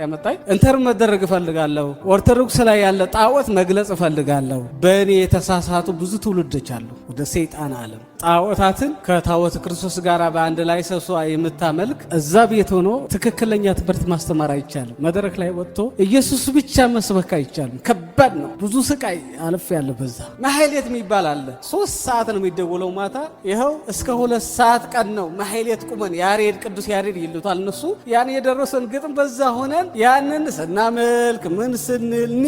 ያመጣኝ እንተር መደረግ እፈልጋለሁ። ኦርቶዶክስ ላይ ያለ ጣዖት መግለጽ እፈልጋለሁ። በእኔ የተሳሳቱ ብዙ ትውልዶች አሉ። ወደ ሰይጣን ዓለም ጣዖታትን ከታወት ክርስቶስ ጋር በአንድ ላይ ሰብሶ የምታመልክ እዛ ቤት ሆኖ ትክክለኛ ትምህርት ማስተማር አይቻልም። መድረክ ላይ ወጥቶ ኢየሱስ ብቻ መስበክ አይቻልም። ከባድ ነው። ብዙ ስቃይ አለፍ ያለ በዛ ማሕሌት የሚባል አለ። ሶስት ሰዓት ነው የሚደወለው ማታ። ይኸው እስከ ሁለት ሰዓት ቀን ነው ማሕሌት ቁመን ያሬድ ቅዱስ ያሬድ ይሉታል እነሱ ያን የደረሰን ግጥም በዛ ሆነን ያንን ስናመልክ ምን ስንል ኒ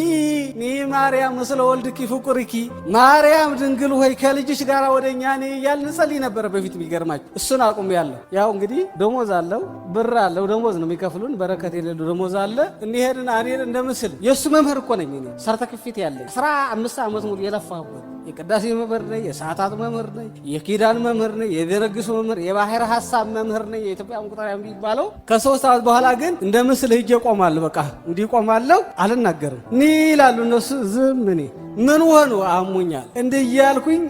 ኒ ማርያም ምስለ ወልድኪ ፍቁርኪ ማርያም ድንግል ሆይ ከልጅ ከልጅሽ ጋር ወደ እኛ ኔ እያልን እንጸልይ ነበረ በፊት። የሚገርማችሁ እሱን አቁም ያለው ያው እንግዲህ ደሞዝ አለው ብር አለው ደሞዝ ነው የሚከፍሉን። በረከት የሌሉ ደሞዝ አለ። እኒሄድን አኔን እንደ ምስል የእሱ መምህር እኮ ነኝ እኔ ክፊት ያለ ስራ አምስት ዓመት ሙሉ የለፋበት የቅዳሴ መምህር ነኝ፣ የሰዓታት መምህር ነኝ፣ የኪዳን መምህር ነኝ፣ የደረግሱ መምህር፣ የባህር ሀሳብ መምህር ነኝ። የኢትዮጵያ ቁጠሪያ የሚባለው ከሶስት ዓመት በኋላ ግን እንደ ምስል ህጅ ቆማለሁ። በቃ እንዲህ ቆማለሁ፣ አልናገርም። ኒ ይላሉ እነሱ ዝም እኔ ምን ሆኑ አሙኛል እንዲህ እያልኩኝ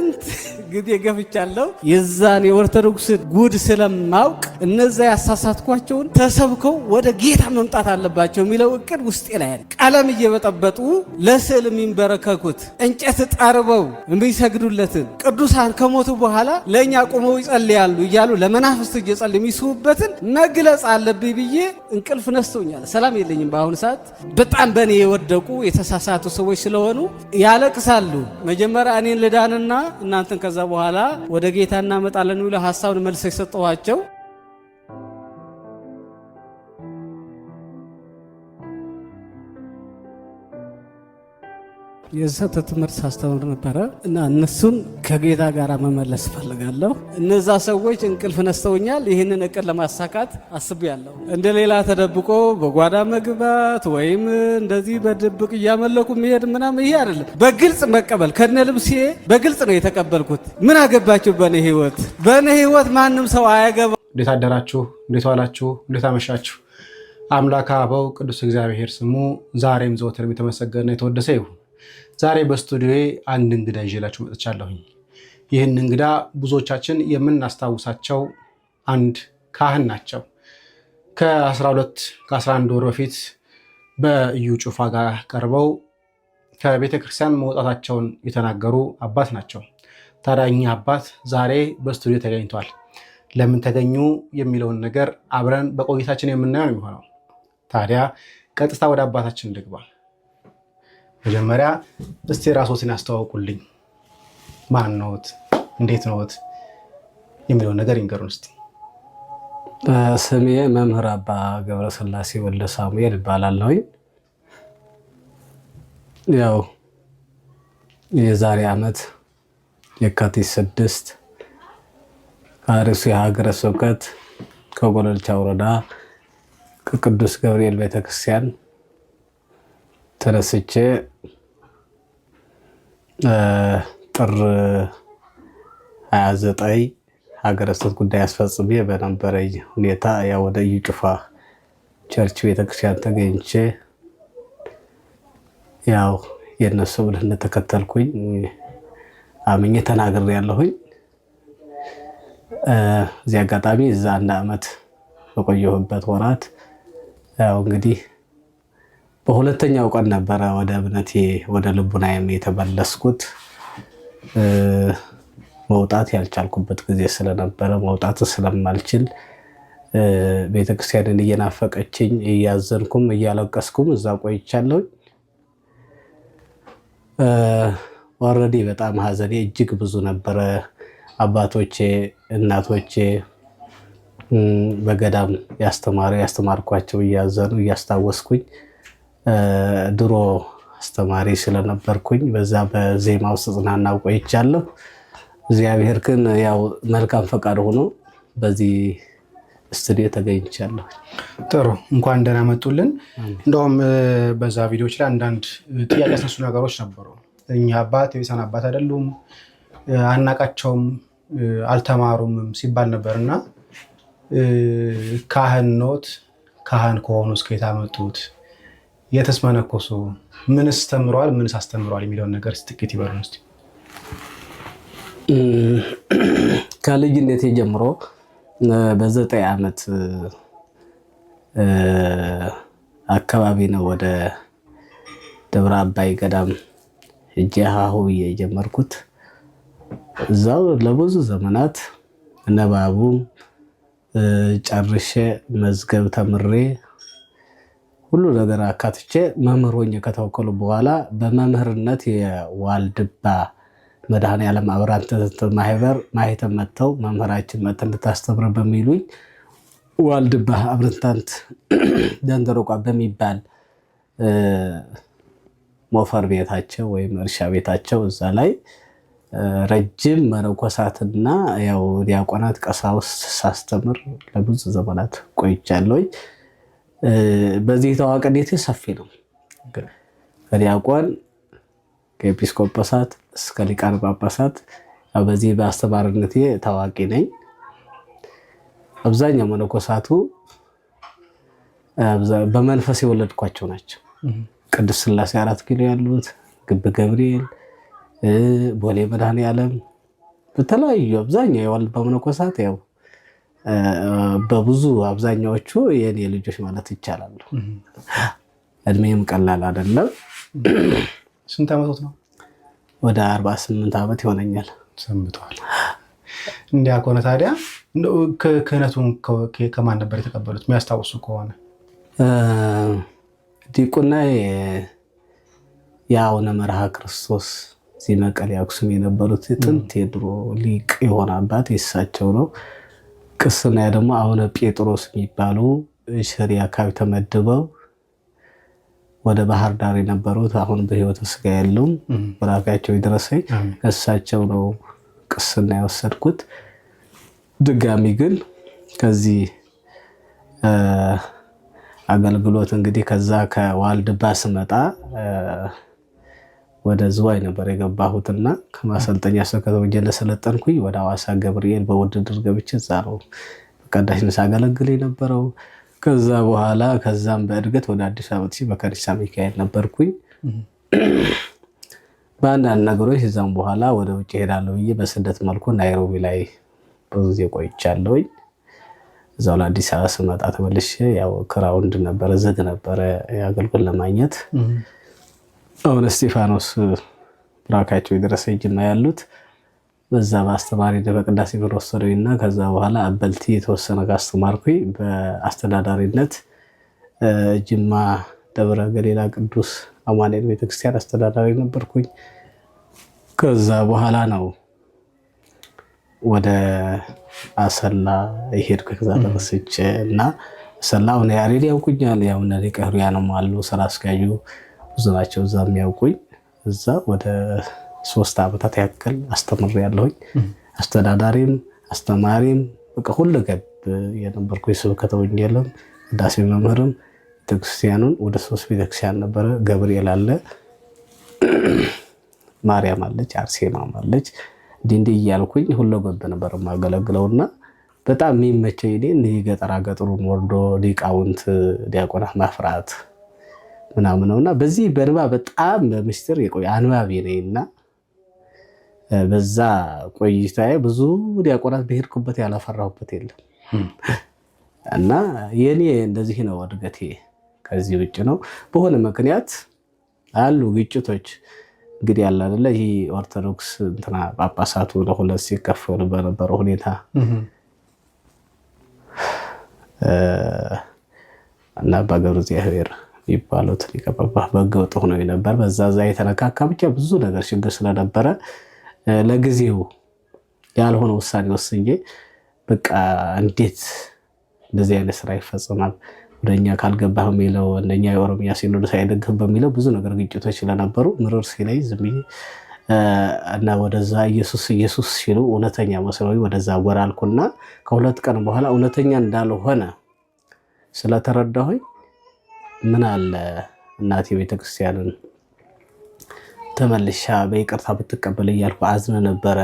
ስንት ጊዜ ገፍቻለሁ። የዛን የኦርቶዶክስ ጉድ ስለማውቅ እነዛ ያሳሳትኳቸውን ተሰብከው ወደ ጌታ መምጣት አለባቸው የሚለው እቅድ ውስጤ ላይ ያለ ቀለም እየበጠበጡ ለስዕል የሚንበረከኩት እንጨት ጠርበው የሚሰግዱለትን ቅዱሳን ከሞቱ በኋላ ለእኛ ቁመው ይጸልያሉ እያሉ ለመናፍስት እየጸል የሚስቡበትን መግለጽ አለብኝ ብዬ እንቅልፍ ነስቶኛል። ሰላም የለኝም። በአሁኑ ሰዓት በጣም በእኔ የወደቁ የተሳሳቱ ሰዎች ስለሆኑ ያለቅሳሉ። መጀመሪያ እኔን ልዳንና እናንተን ከዛ በኋላ ወደ ጌታ እናመጣለን ብለው ሀሳቡን መልስ የሰጠኋቸው የሰተ ትምህርት ሳስተምር ነበረ እና እነሱን ከጌታ ጋር መመለስ እፈልጋለሁ። እነዛ ሰዎች እንቅልፍ ነስተውኛል። ይህንን እቅድ ለማሳካት አስቤያለሁ። እንደ ሌላ ተደብቆ በጓዳ መግባት ወይም እንደዚህ በድብቅ እያመለኩ መሄድ ምናምን ይሄ አይደለም። በግልጽ መቀበል ከነ ልብሴ በግልጽ ነው የተቀበልኩት። ምን አገባችሁ በእኔ ህይወት? በእኔ ህይወት ማንም ሰው አያገባ። እንዴት አደራችሁ? እንዴት ዋላችሁ? እንዴት አመሻችሁ? አምላክ አበው ቅዱስ እግዚአብሔር ስሙ ዛሬም ዘወትርም የተመሰገነ የተወደሰ ይሁን። ዛሬ በስቱዲዮ አንድ እንግዳ ይዤላችሁ መጥቻለሁኝ። ይህን እንግዳ ብዙዎቻችን የምናስታውሳቸው አንድ ካህን ናቸው። ከ12 ከ11 ወር በፊት በእዩ ጩፋ ጋር ቀርበው ከቤተክርስቲያን መውጣታቸውን የተናገሩ አባት ናቸው። ታዳኛ አባት ዛሬ በስቱዲዮ ተገኝቷል። ለምን ተገኙ የሚለውን ነገር አብረን በቆይታችን የምናየው ነው የሚሆነው። ታዲያ ቀጥታ ወደ አባታችን እንግባ። መጀመሪያ እስቲ ራስዎትን ያስተዋውቁልኝ። ማን ነዎት? እንዴት ነዎት? የሚለውን ነገር ይንገሩን እስቲ። ስሜ መምህር አባ ገብረስላሴ ወልደ ሳሙኤል እባላለሁኝ። ያው የዛሬ ዓመት የካቲት ስድስት ከአርሱ የሀገረ ስብከት ከጎለልቻ ወረዳ ከቅዱስ ገብርኤል ቤተክርስቲያን ተነስቼ ጥር 29 ሀገረ ስብከት ጉዳይ አስፈጽሜ በነበረኝ ሁኔታ ያ ወደ እዩ ጩፋ ቸርች ቤተክርስቲያን ተገኝቼ ያው የእነሱ ብልህ እንደተከተልኩኝ አምኜ ተናግሬ ያለሁኝ። እዚህ አጋጣሚ እዛ አንድ ዓመት በቆየሁበት ወራት ያው እንግዲህ በሁለተኛው ቀን ነበረ ወደ እምነቴ ወደ ልቡናዬም የተመለስኩት። መውጣት ያልቻልኩበት ጊዜ ስለነበረ መውጣት ስለማልችል ቤተክርስቲያንን እየናፈቀችኝ እያዘንኩም እያለቀስኩም እዛ ቆይቻለሁኝ። ኦልሬዲ በጣም ሀዘኔ እጅግ ብዙ ነበረ። አባቶቼ እናቶቼ በገዳም ያስተማሩ ያስተማርኳቸው እያዘኑ እያስታወስኩኝ ድሮ አስተማሪ ስለነበርኩኝ በዛ በዜማ ውስጥ ጽናና ቆይቻለሁ። እግዚአብሔር ግን ያው መልካም ፈቃድ ሆኖ በዚህ ስቱዲዮ ተገኝቻለሁ። ጥሩ እንኳን ደህና መጡልን። እንደውም በዛ ቪዲዮዎች ላይ አንዳንድ ጥያቄ ያስነሱ ነገሮች ነበሩ። እኛ አባት የቤሳን አባት አይደሉም፣ አናቃቸውም፣ አልተማሩምም ሲባል ነበር እና ካህን ኖት ካህን ከሆኑ እስከ የት አመጡት የተስመነኮሱ ምንስ ተምረዋል፣ ምንስ አስተምረዋል የሚለውን ነገር ጥቂት ይበሉን እስኪ። ከልጅነቴ ጀምሮ በዘጠኝ ዓመት አካባቢ ነው ወደ ደብረ አባይ ገዳም ሄጄ ሀሁ ብዬ የጀመርኩት። እዛው ለብዙ ዘመናት ነባቡም ጨርሼ መዝገብ ተምሬ ሁሉ ነገር አካትቼ መምህር ሆኜ ከተወከሉ በኋላ በመምህርነት የዋልድባ መድኃኔዓለም አብራን ትምህርት ማህበር ማህተም መጥተው መምህራችን መጥተን እንድታስተምር በሚሉኝ ዋልድባ አብረንታንት ደንደረቋ በሚባል ሞፈር ቤታቸው ወይም እርሻ ቤታቸው እዛ ላይ ረጅም መነኮሳትና ያው ዲያቆናት ቀሳውስት ሳስተምር ለብዙ ዘመናት ቆይቻለሁኝ። በዚህ ታዋቂነት ሰፊ ነው። ከዲያቆን ከኤጲስቆጶሳት እስከ ሊቃነ ጳጳሳት በዚህ በአስተማሪነቴ ታዋቂ ነኝ። አብዛኛው መነኮሳቱ በመንፈስ የወለድኳቸው ናቸው። ቅዱስ ሥላሴ አራት ኪሎ ያሉት ግብ ገብርኤል፣ ቦሌ መድኃኔ ዓለም በተለያዩ አብዛኛው የዋልድባ መነኮሳት ያው በብዙ አብዛኛዎቹ የእኔ ልጆች ማለት ይቻላሉ። እድሜም ቀላል አይደለም። ስንት ዓመቶት ነው? ወደ አርባ ስምንት ዓመት ይሆነኛል። ሰንብተዋል። እንዲያ ከሆነ ታዲያ ክህነቱን ከማን ነበር የተቀበሉት? የሚያስታውሱ ከሆነ ዲቁና የአቡነ መርሃ ክርስቶስ እዚህ መቀሌ አክሱም የነበሩት ጥንት የድሮ ሊቅ የሆነ አባት የእሳቸው ነው። ቅስና ደግሞ አቡነ ጴጥሮስ የሚባሉ ሽሬ አካባቢ ተመድበው ወደ ባህር ዳር የነበሩት አሁን በህይወት ስጋ ያለውም ወራፊያቸው ይድረሰኝ እሳቸው ነው ቅስና የወሰድኩት። ድጋሚ ግን ከዚህ አገልግሎት እንግዲህ ከዛ ከዋልድባ ስመጣ ወደ ዝዋይ ነበር የገባሁትና ከማሰልጠኛ ስከተወጀ ለሰለጠንኩኝ ወደ አዋሳ ገብርኤል በውድድር ገብቼ እዛ ነው በቀዳሽነት ሳገለግል የነበረው። ከዛ በኋላ ከዛም በእድገት ወደ አዲስ አበባ በከሪሳ ሚካኤል ነበርኩኝ። በአንዳንድ ነገሮች እዛም በኋላ ወደ ውጭ ሄዳለሁ ብዬ በስደት መልኩ ናይሮቢ ላይ ብዙ ጊዜ ቆይቻለሁኝ። እዛው ለአዲስ አበባ ስመጣ ተመልሼ ያው ክራውንድ ነበረ ዝግ ነበረ አገልግሎት ለማግኘት አሁን እስጢፋኖስ ብራካቸው የደረሰ ጅማ ያሉት በዛ በአስተማሪ በቅዳሴ ብር ወሰደኝ እና ከዛ በኋላ አበልቲ የተወሰነ ካስተማርኩኝ በአስተዳዳሪነት ጅማ ደብረ ገሌላ ቅዱስ አማኔል ቤተክርስቲያን አስተዳዳሪ ነበርኩኝ። ከዛ በኋላ ነው ወደ አሰላ ይሄድኩ። ከዛ ተመስጬ እና አሰላ አሁን ያሬድ ያውቁኛል። ያው እነ ነው አሉ ስራ አስኪያጁ ብዙ ናቸው እዛ የሚያውቁኝ። እዛ ወደ ሶስት ዓመታት ያክል አስተምር ያለሁኝ አስተዳዳሪም አስተማሪም በቃ ሁሉ ገብ የነበርኩ ስብከተ ወንጌልም ቅዳሴ መምህርም ቤተክርስቲያኑን ወደ ሶስት ቤተክርስቲያን ነበረ። ገብርኤል አለ፣ ማርያም አለች፣ አርሴማም አለች። እንዲህ እንዲህ እያልኩኝ ሁሉ ገብ ነበር የማገለግለውና በጣም የሚመቸኝ እኔ ገጠራ ገጠሩን ወርዶ ሊቃውንት ዲያቆናት ማፍራት ምናምን እና በዚህ በንባብ በጣም በምስጢር የቆየ አንባቢ እና በዛ ቆይታዬ ብዙ ዲያቆናት በሄድኩበት ያላፈራሁበት የለም እና የኔ እንደዚህ ነው እድገቴ። ከዚህ ውጭ ነው። በሆነ ምክንያት አሉ ግጭቶች እንግዲህ ያለ አይደለ ይህ ኦርቶዶክስ እንትና ጳጳሳቱ ለሁለት ሲከፈሉ በነበረው ሁኔታ እና አባ ገብረ እግዚአብሔር የሚባሉት ሊቀ ጳጳስ በህገወጥ ሆነው ነበር። በዛ ዛ የተነካካ ብቻ ብዙ ነገር ችግር ስለነበረ ለጊዜው ያልሆነ ውሳኔ ወስኜ በቃ እንዴት እንደዚህ አይነት ስራ ይፈጽማል ወደኛ ካልገባህ በሚለው እነኛ የኦሮሚያ ሲኖዶስ አይደግፍም በሚለው ብዙ ነገር ግጭቶች ስለነበሩ ምርር ሲለኝ ዝም እና ወደዛ ኢየሱስ ኢየሱስ ሲሉ እውነተኛ መስሎኝ ወደዛ ወራልኩና ከሁለት ቀን በኋላ እውነተኛ እንዳልሆነ ስለተረዳሁኝ ምን አለ እናቴ ቤተክርስቲያንን ተመልሻ በይቅርታ ብትቀበል እያልኩ አዝነ ነበረ።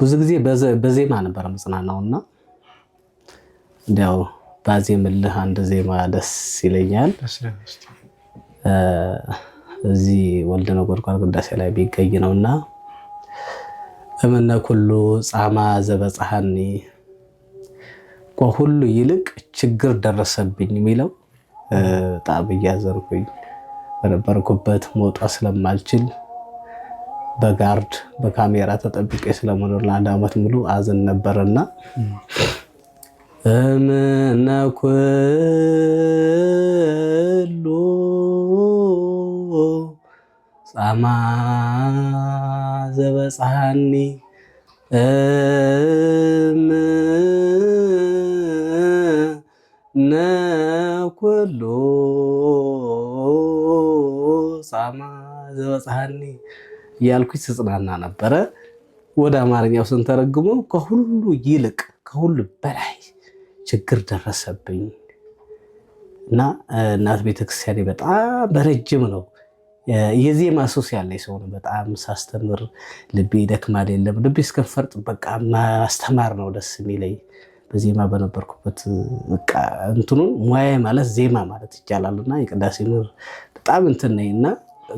ብዙ ጊዜ በዜማ ነበረ መጽናናው እና እንዲያው ባዜምልህ አንድ ዜማ ደስ ይለኛል። እዚህ ወልደ ነጎድጓድ ቅዳሴ ላይ ቢገኝ ነው እና እምነ ኩሉ ጻማ ዘበፀሐኒ ሁሉ ይልቅ ችግር ደረሰብኝ የሚለው ጣም እያዘርኩኝ በነበርኩበት መውጣት ስለማልችል በጋርድ በካሜራ ተጠብቄ ስለመኖር ለአንድ አመት ሙሉ አዝን ነበረና እምነኩሉ ጻማ እምነ ኩሉ ጻማ ዘበጽሐኒ እያልኩኝ ስጽናና ነበረ። ወደ አማርኛው ስንተረግሞ ከሁሉ ይልቅ ከሁሉ በላይ ችግር ደረሰብኝ እና እናት ቤተክርስቲያኔ በጣም በረጅም ነው የዜማ ሱስ ያለኝ ሰው ነው። በጣም ሳስተምር ልቤ ይደክማል። የለም ልቤ እስከንፈርጥ በቃ ማስተማር ነው ደስ የሚለኝ። በዜማ በነበርኩበት እንትኑን ሙያ ማለት ዜማ ማለት ይቻላል እና የቅዳሴ ምር በጣም እንትን ነኝ እና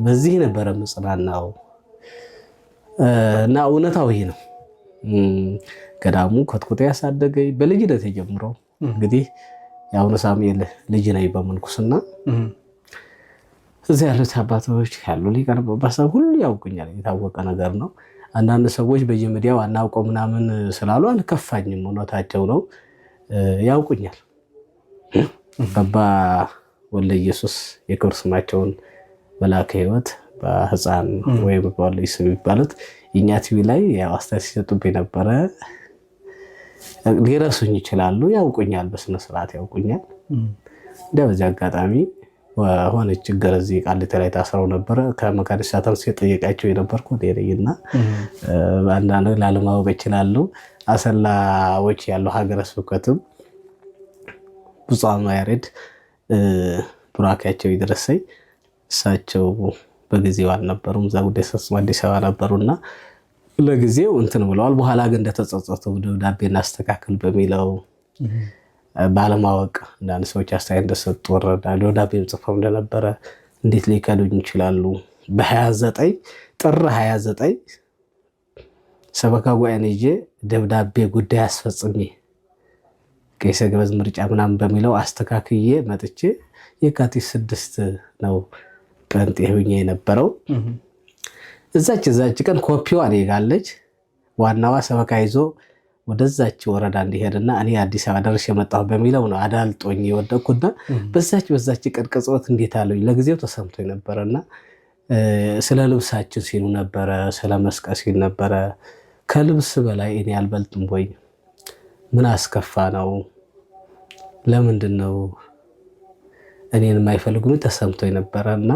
በዚህ ነበረ ምጽናናው እና እውነታው ይሄ ነው። ገዳሙ ኮትኮቴ ያሳደገኝ በልጅነት የጀምሮ እንግዲህ የአሁኑ ሳሙኤል ልጅ ነኝ በምንኩስና እዚያ ያሉት አባቶች ያሉ ሊቃነ ጳጳሳት ሁሉ ያውቁኛል። የታወቀ ነገር ነው። አንዳንድ ሰዎች በየሚዲያው አናውቀው ምናምን ስላሉ አልከፋኝም። እውነታቸው ነው፣ ያውቁኛል። አባ ወለ ኢየሱስ የክብር ስማቸውን መላከ ሕይወት በህፃን ወይም በወልደ ኢየሱስ የሚባሉት እኛ ቲቪ ላይ አስተያየት ሲሰጡብኝ ነበረ። ሊረሱኝ ይችላሉ፣ ያውቁኛል፣ በስነስርዓት ያውቁኛል። እንደ በዚህ አጋጣሚ ሆነ ችግር እዚህ ቃሊቲ ላይ ታስረው ነበረ። ከመካኒሳ ተምሴ ጠየቃቸው የነበርኩ ሌለይና አንዳንድ ላለማወቅ ይችላሉ። አሰላዎች ያሉ ሀገረ ስብከትም ብፁዕ አቡነ ያሬድ ቡራኬያቸው ይድረሰኝ። እሳቸው በጊዜው አልነበሩም፣ እዛ ጉዳይ ሰስም አዲስ አበባ ነበሩና ለጊዜው እንትን ብለዋል። በኋላ ግን እንደተጸጸቱ ደብዳቤ እናስተካክል በሚለው ባለማወቅ አንዳንድ ሰዎች አስተያየት እንደሰጡ ወረዳ ደብዳቤም ጽፈው እንደነበረ እንዴት ሊከዱኝ ይችላሉ? በ29 ጥር 29 ሰበካ ጉባኤን ይዤ ደብዳቤ ጉዳይ አስፈጽሜ ቄሰ ገበዝ ምርጫ ምናምን በሚለው አስተካክዬ መጥቼ የካቲት ስድስት ነው ጴንጤ ሆኜ የነበረው። እዛች እዛች ቀን ኮፒዋ እኔ ጋለች ዋናዋ ሰበካ ይዞ ወደዛች ወረዳ እንዲሄድና እኔ አዲስ አበባ ደርሽ የመጣሁ በሚለው ነው አዳልጦኝ የወደቅኩና በዛች በዛች ቀን ቅጽበት እንዴት አለኝ ለጊዜው ተሰምቶኝ ነበረና ስለ ልብሳችን ሲሉ ነበረ፣ ስለ መስቀል ሲሉ ነበረ። ከልብስ በላይ እኔ አልበልጥም ወይ? ምን አስከፋ ነው? ለምንድን ነው እኔን የማይፈልጉኝ? ተሰምቶኝ ነበረ እና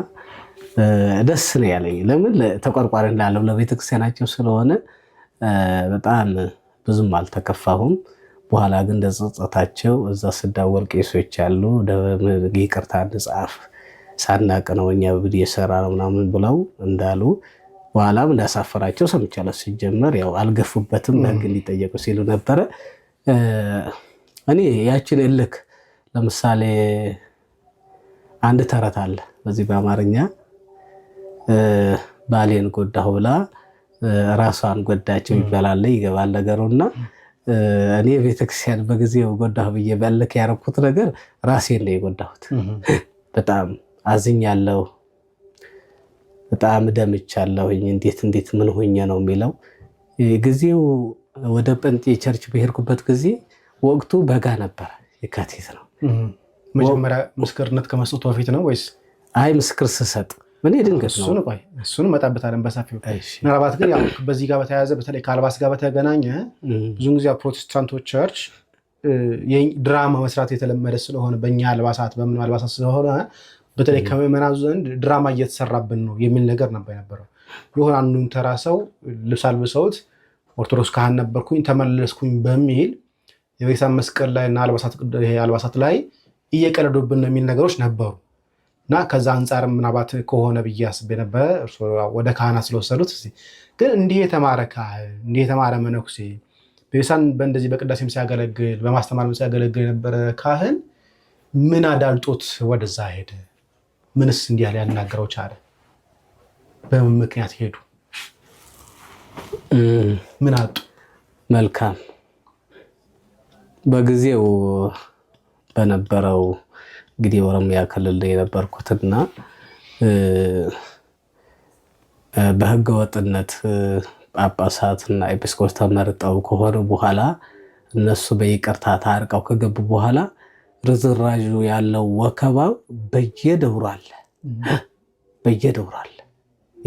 ደስ ነው ያለኝ። ለምን ተቆርቋሪ እንዳለው ለቤተክርስቲያናቸው ስለሆነ በጣም ብዙም አልተከፋሁም። በኋላ ግን ደጸጸታቸው እዛ ስዳወል ቄሶች ያሉ ይቅርታ ንጻፍ ሳናቅ ነው እኛ ብድ የሰራ ነው ምናምን ብለው እንዳሉ በኋላም እንዳሳፈራቸው ሰምቻለሁ። ሲጀመር ያው አልገፉበትም፣ በህግ እንዲጠየቁ ሲሉ ነበረ። እኔ ያችን እልክ ለምሳሌ አንድ ተረት አለ በዚህ በአማርኛ ባሌን ጎዳሁ ብላ ራሷን ጎዳቸው ይበላል ይገባል ነገሩ እና እኔ ቤተክርስቲያን በጊዜው ጎዳሁ ብዬ በልክ ያረኩት ነገር ራሴ ነው የጎዳሁት። በጣም አዝኛለሁ፣ በጣም ደምቻለሁኝ። እንዴት እንዴት ምን ሆኜ ነው የሚለው ጊዜው ወደ ጴንጤ ቸርች በሄድኩበት ጊዜ ወቅቱ በጋ ነበረ፣ የካቲት ነው። መጀመሪያ ምስክርነት ከመስጠቱ በፊት ነው ወይስ? አይ ምስክር ስሰጥ እኔ ድንገት ነው። ቆይ እሱን እመጣበታለን በሰፊው። ምናልባት ግን ያው በዚህ ጋር በተያያዘ በተለይ ከአልባስ ጋር በተገናኘ ብዙን ጊዜ ፕሮቴስታንቶች ቸርች ድራማ መስራት የተለመደ ስለሆነ በእኛ አልባሳት በምን አልባሳት ስለሆነ በተለይ ከምዕመናኑ ዘንድ ድራማ እየተሰራብን ነው የሚል ነገር ነበር የነበረው። የሆነ አንዱን ተራ ሰው ልብስ አልብሰውት ኦርቶዶክስ ካህን ነበርኩኝ ተመለስኩኝ በሚል የቤተሰብ መስቀል ላይ እና አልባሳት ላይ እየቀለዱብን ነው የሚል ነገሮች ነበሩ። እና ከዛ አንጻር ምናባት ከሆነ ብዬ አስቤ ነበረ። ወደ ካህናት ስለወሰዱት ግን እንዲህ የተማረ ካህን እንዲህ የተማረ መነኩሴ ቤሳን በእንደዚህ በቅዳሴም ሲያገለግል በማስተማር ሲያገለግል የነበረ ካህን ምን አዳልጦት ወደዛ ሄደ? ምንስ እንዲ ያለ ያናገረው ቻለ? በምን ምክንያት ሄዱ? ምን አጡ? መልካም በጊዜው በነበረው እንግዲህ ኦሮሚያ ክልል ላይ የነበርኩትና በህገ ወጥነት ጳጳሳትና ኤጲስቆስ ተመርጠው ከሆነ በኋላ እነሱ በይቅርታ ታርቀው ከገቡ በኋላ ርዝራዡ ያለው ወከባው በየደብሩ አለ፣ በየደብሩ አለ።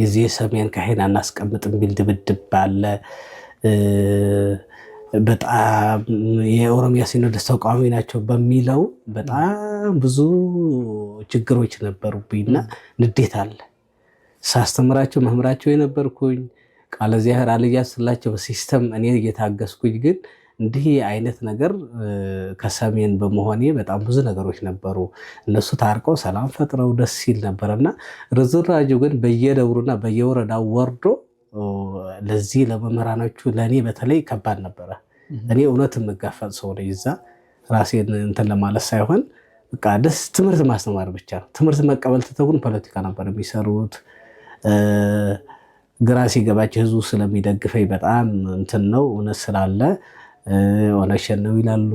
የዚህ የሰሜን ካህን አናስቀምጥ የሚል ድብድብ አለ። በጣም የኦሮሚያ ሲኖዶስ ተቃዋሚ ናቸው በሚለው በጣም ብዙ ችግሮች ነበሩብኝና ንዴት አለ። ሳስተምራቸው መምራቸው የነበርኩኝ ቃለ እግዚአብሔር አልያ ስላቸው በሲስተም እኔ እየታገስኩኝ፣ ግን እንዲህ አይነት ነገር ከሰሜን በመሆኔ በጣም ብዙ ነገሮች ነበሩ። እነሱ ታርቀው ሰላም ፈጥረው ደስ ሲል ነበረና ርዝራጁ ግን በየደብሩና በየወረዳው ወርዶ ለዚህ ለመምህራኖቹ ለእኔ በተለይ ከባድ ነበረ። እኔ እውነት የምጋፈጥ ሰው ነኝ። እዛ ራሴን እንትን ለማለት ሳይሆን በቃ ደስ ትምህርት ማስተማር ብቻ ነው። ትምህርት መቀበል ትተውን ፖለቲካ ነበር የሚሰሩት። ግራ ሲገባቸው ህዝቡ ስለሚደግፈኝ በጣም እንትን ነው እውነት ስላለ ኦነግሸን ነው ይላሉ፣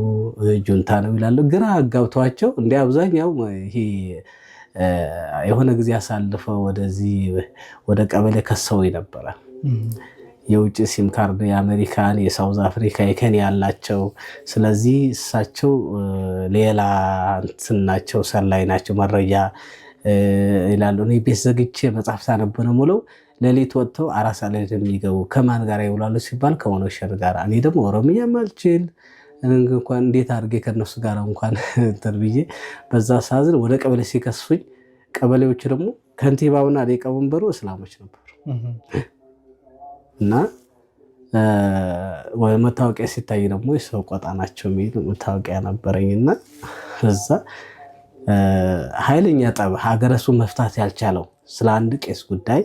ጁንታ ነው ይላሉ። ግራ አጋብተዋቸው እንዲ አብዛኛው ይሄ የሆነ ጊዜ አሳልፈው ወደዚህ ወደ ቀበሌ ከሰው ነበረ። የውጭ ሲም ካርድ የአሜሪካን፣ የሳውዝ አፍሪካ፣ የኬንያ ያላቸው። ስለዚህ እሳቸው ሌላ እንትን ናቸው፣ ሰላይ ናቸው። መረጃ ይላሉ። እኔ ቤት ዘግቼ መጽሐፍ ሳነብ ነው የምውለው። ሌሊት ወጥተው አራት ሰዓት ላይ የሚገቡ ከማን ጋር ይውላሉ ሲባል ከኦነሸር ጋር። እኔ ደግሞ ኦሮምኛም አልችል እንኳን እንዴት አድርጌ ከነሱ ጋር እንኳን እንትን ብዬ በዛ ሳዝን ወደ ቀበሌ ሲከሱኝ፣ ቀበሌዎች ደግሞ ከንቲባውና ሊቀመንበሩ እስላሞች ነበሩ። እና መታወቂያ ሲታይ ደግሞ የሰው ቆጣ ናቸው የሚል መታወቂያ ነበረኝ እና እዛ ኃይለኛ ጠብ ሀገረሱ መፍታት ያልቻለው ስለ አንድ ቄስ ጉዳይ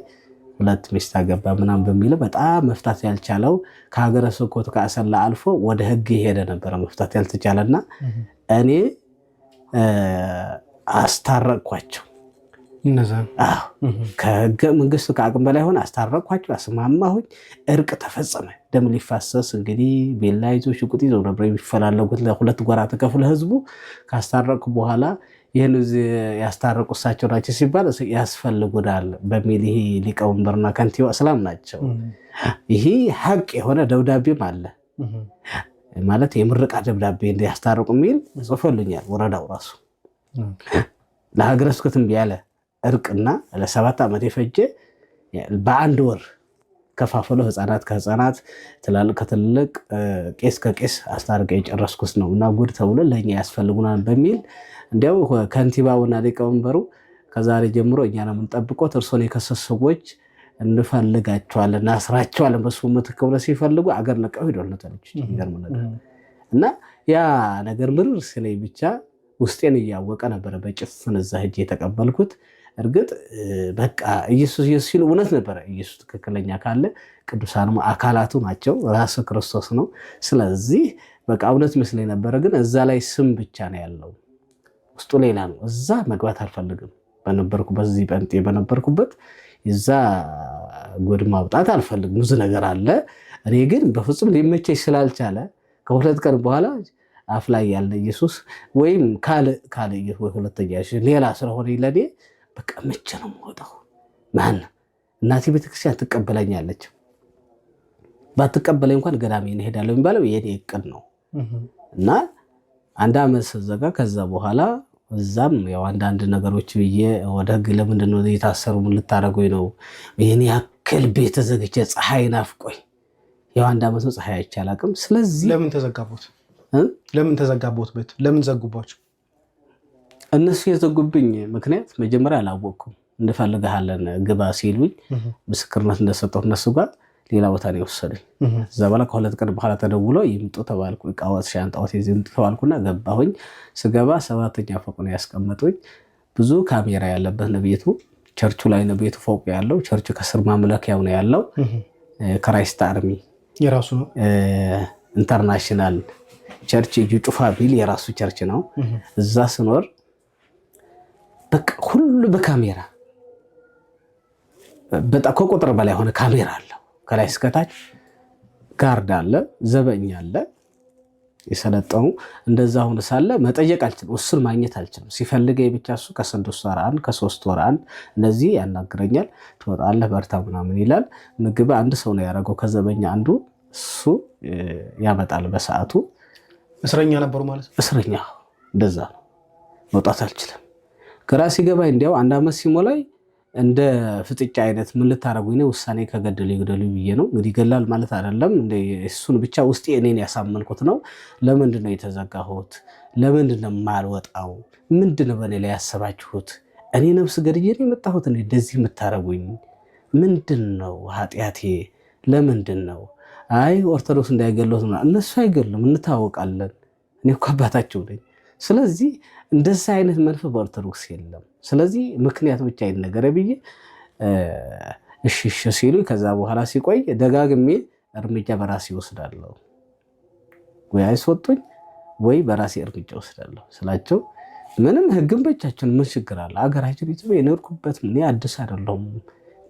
ሁለት ሚስት አገባ ምናምን በሚል በጣም መፍታት ያልቻለው ከሀገረ ስብከቱ ከአሰላ አልፎ ወደ ህግ የሄደ ነበረ መፍታት ያልተቻለና እኔ አስታረቅኳቸው። ከህገ መንግስቱ ከአቅም በላይ ሆነ። አስታረኳቸው፣ አስማማሁኝ፣ እርቅ ተፈጸመ። ደም ሊፋሰስ እንግዲህ ቤላ ይዞ ሽቁጥ ይዞ ነበር የሚፈላለጉት ለሁለት ጎራ ተከፍለ ህዝቡ ካስታረቁ በኋላ ይህን ያስታረቁ እሳቸው ናቸው ሲባል ያስፈልጉናል በሚል ይሄ ሊቀመንበርና ከንቲባ እስላም ናቸው። ይህ ሀቅ የሆነ ደብዳቤም አለ ማለት የምርቃ ደብዳቤ እንዲያስታርቁ የሚል ጽፎልኛል። ወረዳው ራሱ ለሀገረ ስብከትም ቢያለ እርቅና ለሰባት ዓመት የፈጀ በአንድ ወር ከፋፈለው ህፃናት ከህፃናት ትላልቅ ከትልልቅ ቄስ ከቄስ አስታርቀ የጨረስኩት ነው እና ጉድ ተብሎ ለእኛ ያስፈልጉናል በሚል እንዲያው ከንቲባውና ሊቀመንበሩ ከዛሬ ጀምሮ እኛ ነው የምንጠብቆት፣ እርሶን የከሰሱ ሰዎች እንፈልጋቸዋለን፣ እናስራቸዋለን በሱ ምት ብለው ሲፈልጉ አገር ለቀው ነገር እና ያ ነገር ምርር ስለኝ ብቻ ውስጤን እያወቀ ነበረ በጭፍን እዛ ህጅ የተቀበልኩት። እርግጥ በቃ ኢየሱስ ኢየሱስ ሲሉ እውነት ነበረ። ኢየሱስ ትክክለኛ ካለ ቅዱሳን አካላቱ ናቸው፣ ራሱ ክርስቶስ ነው። ስለዚህ በቃ እውነት መስሎኝ ነበረ። ግን እዛ ላይ ስም ብቻ ነው ያለው፣ ውስጡ ሌላ ነው። እዛ መግባት አልፈልግም። በነበርኩ በዚህ ጴንጤ በነበርኩበት እዛ ጎድ ማውጣት አልፈልግም። ብዙ ነገር አለ። እኔ ግን በፍጹም ሊመቸኝ ስላልቻለ ከሁለት ቀን በኋላ አፍ ላይ ያለ ኢየሱስ ወይም ካል ካለ ሁለተኛ ሌላ ስለሆነ ለኔ በቃ መቼ ነው የምወጣው? ማን እናቴ ቤተክርስቲያን ትቀበለኛለች። ባትቀበለኝ እንኳን ገዳሜ እንሄዳለሁ የሚባለው የኔ እቅድ ነው እና አንድ አመት ስዘጋ ከዛ በኋላ እዛም ያው አንዳንድ ነገሮች ብዬ ወደ ህግ ለምንድን ነው የታሰሩ ልታደረጉኝ ነው? ይህን ያክል ቤት ተዘግቼ ፀሐይ ናፍቆኝ ያው አንድ አመት ነው ፀሐይ አይቼ አላቅም። ስለዚህ ለምን ተዘጋቦት ለምን ተዘጋቦት ቤት ለምን ዘጉባቸው? እነሱ የዘጉብኝ ምክንያት መጀመሪያ አላወቅኩም። እንፈልግሃለን ግባ ሲሉኝ ምስክርነት እንደሰጠው እነሱ ጋር ሌላ ቦታ ነው የወሰዱኝ። እዛ በኋላ ከሁለት ቀን በኋላ ተደውሎ ይምጡ ተባልኩ። እቃዎት ሻንጣወት ይምጡ ተባልኩና ገባሁኝ። ስገባ ሰባተኛ ፎቅ ነው ያስቀመጡኝ። ብዙ ካሜራ ያለበት ነው ቤቱ። ቸርቹ ላይ ነው ቤቱ ፎቁ ያለው። ቸርቹ ከስር ማምለኪያው ነው ያለው። ክራይስት አርሚ የራሱ ነው ኢንተርናሽናል ቸርች ጩፋ ቢል የራሱ ቸርች ነው። እዛ ስኖር በቃ ሁሉ በካሜራ በጣም ከቁጥር በላይ የሆነ ካሜራ አለው። ከላይ እስከታች ጋርድ አለ፣ ዘበኛ አለ። የሰለጠኑ እንደዛ ሁን ሳለ መጠየቅ አልችልም፣ እሱን ማግኘት አልችልም። ሲፈልገ ብቻ እሱ ከስድስት ወር አንድ ከሶስት ወር አንድ እነዚህ ያናግረኛል። ትወጣለህ በርታ ምናምን ይላል። ምግብ አንድ ሰው ነው ያደረገው ከዘበኛ አንዱ እሱ ያመጣል በሰዓቱ። እስረኛ ነበሩ ማለት ነው። እስረኛ እንደዛ ነው። መውጣት አልችልም። ግራ ሲገባኝ እንዲያው አንድ አመት ሲሞላኝ እንደ ፍጥጫ አይነት ምን ልታደረጉ ነ ውሳኔ ከገደሉ ይግደሉ ብዬ ነው። እንግዲህ ገላል ማለት አይደለም። እሱን ብቻ ውስጤ እኔን ያሳመንኩት ነው። ለምንድን ነው የተዘጋሁት? ለምንድን ነው የማልወጣው? ምንድን ነው በእኔ ላይ ያሰባችሁት? እኔ ነብስ ገድዬ ነው የመጣሁት? እንደዚህ የምታደረጉኝ ምንድን ነው? ኃጢአቴ ለምንድን ነው? አይ ኦርቶዶክስ እንዳይገሎት እነሱ አይገሉም፣ እንታወቃለን። እኔ እኮ አባታቸው ነኝ። ስለዚህ እንደዚህ አይነት መንፈስ በኦርቶዶክስ የለም። ስለዚህ ምክንያት ብቻ ይነገረ ብዬ እሽሽ ሲሉ ከዛ በኋላ ሲቆይ ደጋግሜ እርምጃ በራሴ ይወስዳለሁ ወይ አይስወጡኝ ወይ በራሴ እርምጃ ይወስዳለሁ ስላቸው ምንም ህግም በእጃችን ምን ችግር አለ? ሀገራችን ኢትዮጵያ የኖርኩበት ምን አዲስ አይደለሁም፣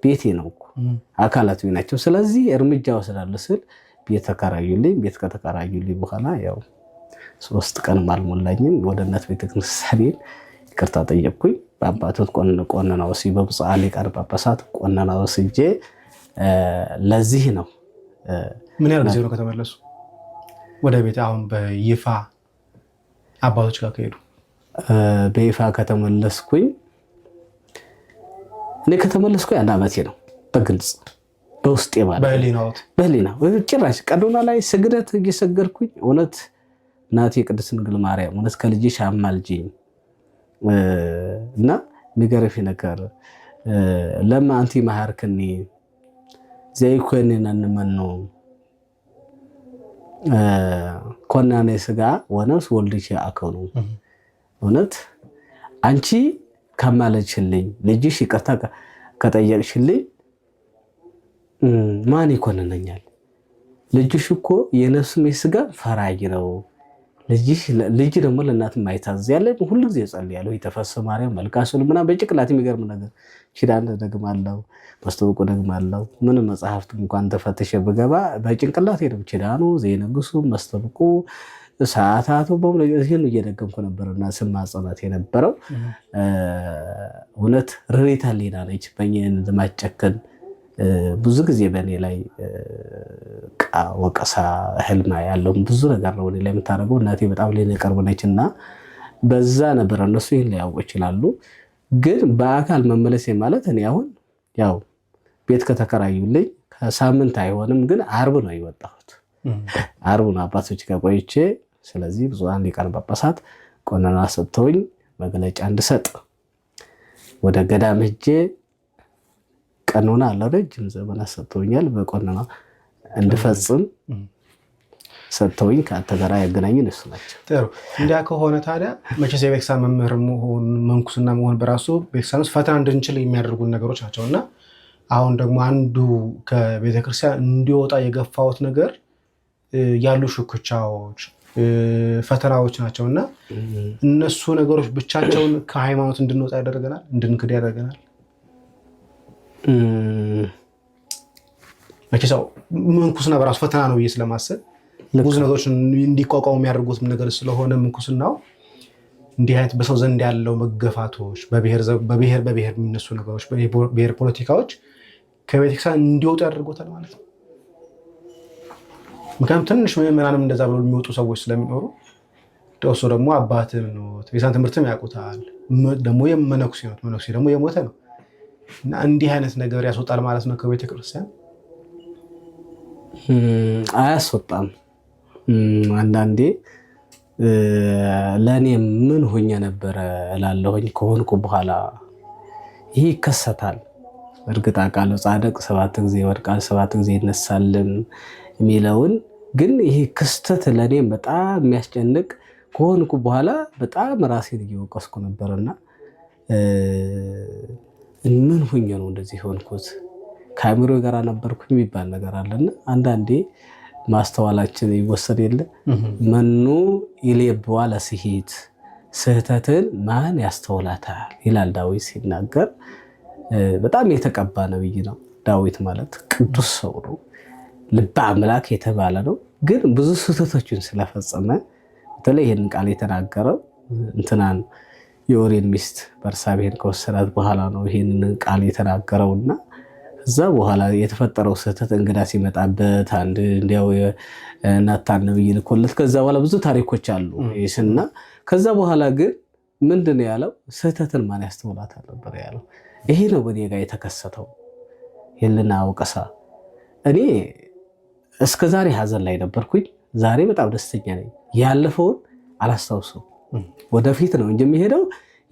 ቤቴ ነው እኮ አካላት ናቸው። ስለዚህ እርምጃ ወስዳለሁ ስል ቤት ተከራዩልኝ። ቤት ከተከራዩልኝ በኋላ ያው ሶስት ቀንም አልሞላኝም ወደ እናት ቤተ ይቅርታ ጠየቅኩኝ። በአባቶት ቆነና ወስ በብፁዕ ሊቃነ ጳጳሳት ቆነና ወስጄ ለዚህ ነው። ምን ያህል ጊዜ ነው ከተመለሱ ወደ ቤት? አሁን በይፋ አባቶች ጋር ከሄዱ በይፋ ከተመለስኩኝ እኔ ከተመለስኩኝ አንድ ዓመቴ ነው። በግልጽ በውስጤ ማለት በህሊናው ጭራሽ ቀዶና ላይ ስግደት እየሰገድኩኝ እውነት እናቴ ቅድስት ድንግል ማርያም ሆነ እስከ ልጅሽ አማልጅኝ እና ሚገርፍ ነገር ለማ አንቲ መሃርክኒ ዘይኮንነን መኑ ኮናኔ ስጋ ወነብስ ወልድሽ አከኑ። እውነት አንቺ ከማለችልኝ ልጅሽ ይቅርታ ከጠየቅሽልኝ ማን ይኮንነኛል? ልጅሽ እኮ የነፍስም የስጋ ፈራጅ ነው። ልጅ ደግሞ ለእናት ማይታዘዝ ያለ ሁሉ ጊዜ ጸል ያለው የተፈሰ ማርያም መልካ ስሉ ምና በጭቅላት የሚገርም ነገር ኪዳን ደግም መስተወቁ ደግም ምን መጽሐፍት እንኳን ተፈትሸ ብገባ በጭንቅላት ሄደም ኪዳኑ ዘይነግሱ መስተብቁ ሰዓታቱ በሙሉ ይህን እየደገምኩ ነበርና ስማጸናት የነበረው እውነት ርሬታ ሌና ነች በእኛ ለማጨከን ብዙ ጊዜ በእኔ ላይ ወቀሳ ህልማ ያለው ብዙ ነገር ነው ላይ የምታደርገው እናቴ በጣም ላይ ቅርብ ነች እና በዛ ነበር እነሱ ይህን ሊያውቁ ይችላሉ። ግን በአካል መመለሴ ማለት እኔ አሁን ያው ቤት ከተከራዩልኝ ከሳምንት አይሆንም፣ ግን አርብ ነው የወጣሁት። አርብ ነው አባቶች ከቆይቼ ስለዚህ ብዙሃን ሊቃነ ጳጳሳት ቆነና ሰጥተውኝ መግለጫ እንድሰጥ ወደ ገዳም ሄጄ ቀኖና አለ። ረጅም ዘመን ሰጥቶኛል። በቀኖና እንድፈጽም ሰጥተውኝ ከአንተ ጋር ያገናኝ እሱ ናቸው። ጥሩ እንዲያ ከሆነ ታዲያ መቼስ የቤተክሳ መምህር መሆን መንኩስና መሆን በራሱ ቤተክሳን ውስጥ ፈተና እንድንችል የሚያደርጉን ነገሮች ናቸው እና አሁን ደግሞ አንዱ ከቤተክርስቲያን እንዲወጣ የገፋሁት ነገር ያሉ ሽኩቻዎች፣ ፈተናዎች ናቸው እና እነሱ ነገሮች ብቻቸውን ከሃይማኖት እንድንወጣ ያደርገናል፣ እንድንክድ ያደርገናል። መቼ ሰው ምንኩስና በራሱ ፈተና ነው ብዬ ስለማስብ ብዙ ነገሮች እንዲቋቋሙ የሚያደርጉት ነገር ስለሆነ ምንኩስናው እንዲህ አይነት በሰው ዘንድ ያለው መገፋቶች፣ በብሔር በብሔር የሚነሱ ነገሮች፣ ብሔር ፖለቲካዎች ከቤተክርስቲያን እንዲወጡ ያደርጎታል ማለት ነው። ምክንያቱም ትንሽ ምዕመናንም እንደዛ ብሎ የሚወጡ ሰዎች ስለሚኖሩ እሱ ደግሞ አባትም ኖት ቤተክርስቲያን ትምህርትም ያውቁታል። ደግሞ የመነኩሴ ኖት መነኩሴ ደግሞ የሞተ ነው። እና እንዲህ አይነት ነገር ያስወጣል ማለት ነው ከቤተክርስቲያን አያስወጣም። አንዳንዴ ለእኔ ምን ሆኜ ነበረ እላለሁኝ ከሆንኩ በኋላ ይህ ይከሰታል። እርግጥ አውቃለሁ ጻድቅ ሰባት ጊዜ ይወድቃል፣ ሰባት ጊዜ ይነሳልም የሚለውን ግን ይህ ክስተት ለእኔ በጣም የሚያስጨንቅ ከሆንኩ በኋላ በጣም ራሴን እየወቀስኩ ነበርና ምን ሁኜ ነው እንደዚህ ሆንኩት? ከአእምሮ ጋር ነበርኩ የሚባል ነገር አለና አንዳንዴ ማስተዋላችን ይወሰድ የለ መኑ ይሌብዋ ለስሂት ስህተትን ማን ያስተውላታል ይላል ዳዊት ሲናገር። በጣም የተቀባ ነብይ ነው ዳዊት ማለት ቅዱስ ሰው ነው፣ ልበ አምላክ የተባለ ነው። ግን ብዙ ስህተቶችን ስለፈጸመ በተለይ ይህንን ቃል የተናገረው እንትናን ነው የኦሬን ሚስት በርሳቤን ከወሰዳት በኋላ ነው ይህንን ቃል የተናገረው እና እዛ በኋላ የተፈጠረው ስህተት እንግዳ ሲመጣበት አንድ እንዲያው ናታን ነብይ ልኮለት ከዛ በኋላ ብዙ ታሪኮች አሉ ስና ከዛ በኋላ ግን ምንድን ያለው? ስህተትን ማን ያስተውላታል ነበር ያለው። ይሄ ነው በእኔ ጋር የተከሰተው የልና አውቀሳ እኔ እስከ ዛሬ ሀዘን ላይ ነበርኩኝ። ዛሬ በጣም ደስተኛ ነኝ። ያለፈውን አላስታውሰው ወደፊት ነው እንጂ የሚሄደው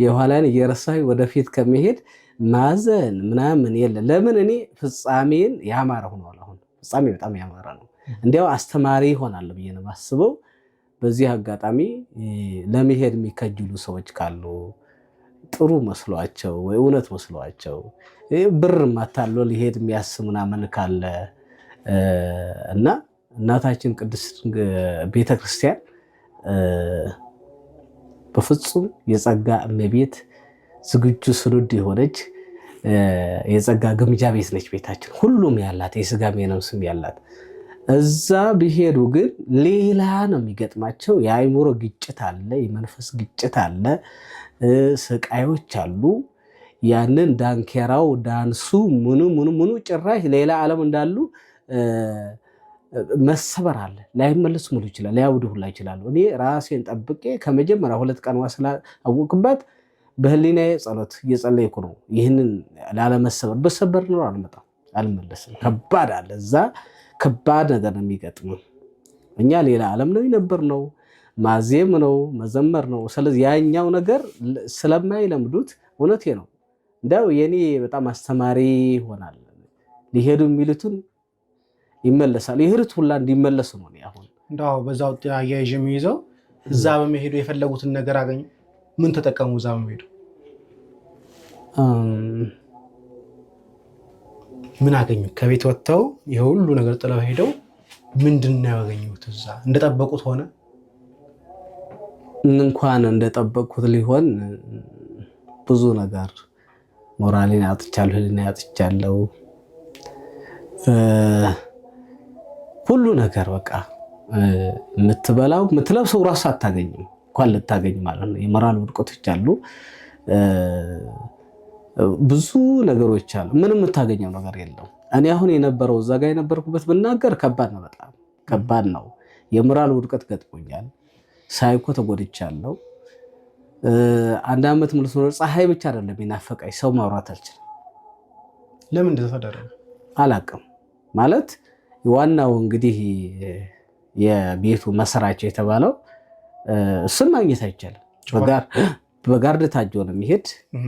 የኋላን እየረሳ ወደፊት ከሚሄድ ማዘን ምናምን የለ። ለምን እኔ ፍጻሜን ያማረ ሆኗል። አሁን ፍጻሜ በጣም ያማረ ነው። እንዲያው አስተማሪ ይሆናል ብዬ ነው የማስበው። በዚህ አጋጣሚ ለመሄድ የሚከጅሉ ሰዎች ካሉ ጥሩ መስሏቸው ወይ እውነት መስሏቸው ብር ማታሎ ሊሄድ የሚያስብ ምናምን ካለ እና እናታችን ቅድስት ቤተክርስቲያን በፍጹም የጸጋ እመቤት ዝግጁ ስሉድ የሆነች የጸጋ ግምጃ ቤት ነች ቤታችን። ሁሉም ያላት የስጋም የነፍስም ያላት። እዛ ቢሄዱ ግን ሌላ ነው የሚገጥማቸው። የአእምሮ ግጭት አለ፣ የመንፈስ ግጭት አለ፣ ስቃዮች አሉ። ያንን ዳንኬራው ዳንሱ ምኑ ምኑ ምኑ ጭራሽ ሌላ ዓለም እንዳሉ መሰበር አለ። ላይመለስ ሙሉ ይችላል፣ ሊያውድ ሁላ ይችላል። እኔ ራሴን ጠብቄ ከመጀመሪያ ሁለት ቀን ስላወቅባት በህሊና ጸሎት እየጸለይኩ ነው። ይህንን ላለመሰበር በሰበር ኖሮ አልመጣም፣ አልመለስም። ከባድ አለ እዛ ከባድ ነገር ነው የሚገጥም። እኛ ሌላ ዓለም ነው የነበር ነው ማዜም ነው መዘመር ነው። ስለዚህ ያኛው ነገር ስለማይለምዱት እውነቴ ነው። እንዲያው የኔ በጣም አስተማሪ ይሆናል ሊሄዱ የሚሉትን ይመለሳል። የህርት ሁላ እንዲመለስ ነው። አሁን እንዳሁ በዛው አያይዥ የሚይዘው እዛ በመሄዱ የፈለጉትን ነገር አገኙ። ምን ተጠቀሙ? እዛ በመሄዱ ምን አገኙ? ከቤት ወጥተው የሁሉ ነገር ጥለው ሄደው ምንድን ነው ያገኙት? እዛ እንደጠበቁት ሆነ? እንኳን እንደጠበቁት ሊሆን ብዙ ነገር ሞራሌን አጥቻለሁ፣ ህሊና አጥቻለሁ። ሁሉ ነገር በቃ የምትበላው የምትለብሰው ራሱ አታገኝም እንኳን ልታገኝ ማለት ነው። የሞራል ውድቀቶች አሉ፣ ብዙ ነገሮች አሉ። ምንም የምታገኘው ነገር የለው እኔ አሁን የነበረው እዛ ጋር የነበርኩበት ብናገር ከባድ ነው፣ በጣም ከባድ ነው። የሞራል ውድቀት ገጥሞኛል። ሳይኮ ተጎድቻለሁ። አንድ ዓመት ሙሉ ስኖር ፀሐይ ብቻ አይደለም የናፈቃኝ ሰው ማውራት አልችልም። ለምን እንደዛ አላቅም ማለት ዋናው እንግዲህ የቤቱ መስራች የተባለው እሱን ማግኘት አይቻልም። በጋርድ ታጆ ነው የሚሄድ።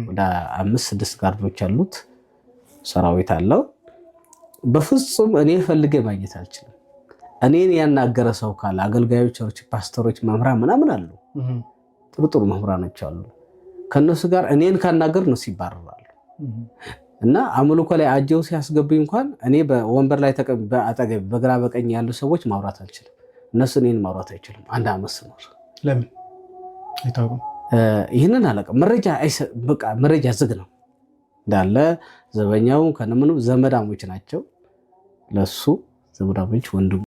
ወደ አምስት ስድስት ጋርዶች አሉት፣ ሰራዊት አለው። በፍጹም እኔ ፈልጌ ማግኘት አልችልም። እኔን ያናገረ ሰው ካለ አገልጋዮች፣ ፓስተሮች፣ መምህራን ምናምን አሉ፣ ጥሩ ጥሩ መምህራኖች አሉ። ከእነሱ ጋር እኔን ካናገር ነው ሲባረራሉ እና አምልኮ ላይ አጀው ሲያስገቡኝ እንኳን እኔ በወንበር ላይ አጠገብ በግራ በቀኝ ያሉ ሰዎች ማውራት አልችልም። እነሱ እኔን ማውራት አይችልም። አንድ አመት ስኖር ለምን ይህንን አላውቅም። መረጃ በቃ መረጃ ዝግ ነው እንዳለ ዘበኛው ከነምኑ ዘመዳሞች ናቸው ለሱ ዘመዳሞች ወንድሙ